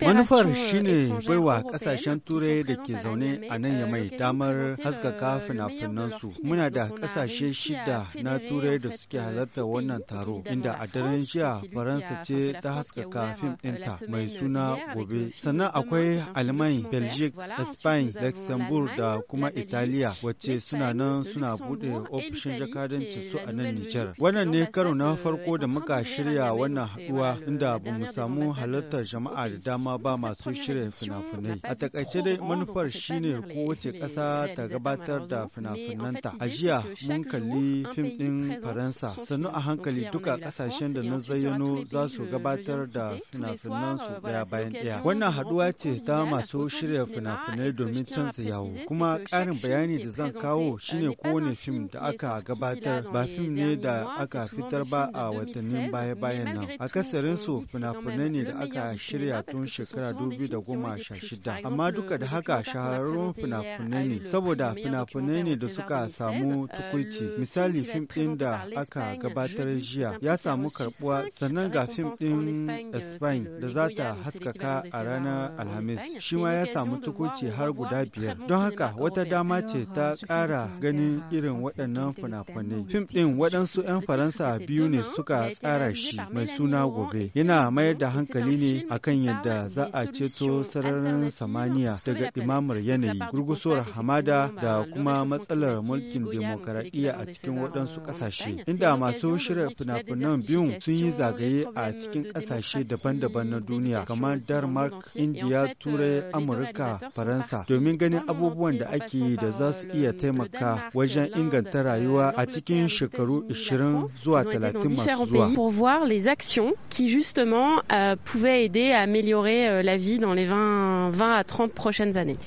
Manufar shine baiwa kasashen turai da ke zaune a nan ya mai damar haskaka fina su Muna da kasashe shida na turai da suke halarta wannan taro, inda a daren jiya Faransa ce ta haskaka fim ɗinta euh, mai suna gobe. Sannan akwai Alman, Belgique, Spain, Luxembourg da kuma Italiya wacce suna nan suna buɗe ofishin jakadanci su a nan Nijar. Wannan ne karo na farko da muka shirya wannan haɗuwa inda bamu samu halartar jama'a da dama ba masu shirya fina-finai. A takaice dai manufar shine kowace ƙasa ta gabatar da fina-finanta. A jiya mun kalli fim ɗin Faransa, sannu a hankali duka ƙasashen da na zayyano za su gabatar da fina-finansu ɗaya bayan ɗaya. Wannan haɗuwa ce ta masu shirya fina-finai domin canza yawo. Kuma ƙarin bayani da zan kawo shine kowane fim da aka gabatar ba fim ne da aka fitar ba a watannin baya-bayan nan. Akasarinsu fina-finai fina ne da aka shirya tun shekara da goma shida amma duka da haka shahararrun fina-finai ne saboda fina-finai ne da suka samu tukuici misali fim ɗin da aka gabatar jiya ya samu karbuwa sannan ga fim ɗin spain da za ta haskaka a ranar alhamis shi ma ya samu tukuici har guda biyar don haka wata dama ce ta ƙara ganin irin waɗannan fina-finai fim ɗin waɗansu 'yan faransa biyu ne suka tsara shi mai suna gobe yana mayar da hankali ne akan yadda za a ceto sararin samaniya daga ɗimamar yanayi gurgusuwar hamada da kuma matsalar mulkin demokaradiyya a cikin waɗansu ƙasashe inda masu shirya fina-finan biyun sun yi zagaye a cikin ƙasashe daban-daban na duniya kamar denmark indiya turai amurka faransa domin ganin abubuwan da ake yi da za su iya taimaka wajen inganta rayuwa a cikin shekaru 20 zuwa 30 masu zuwa. Euh, pouvait aider à améliorer euh, la vie dans les 20, 20 à 30 prochaines années.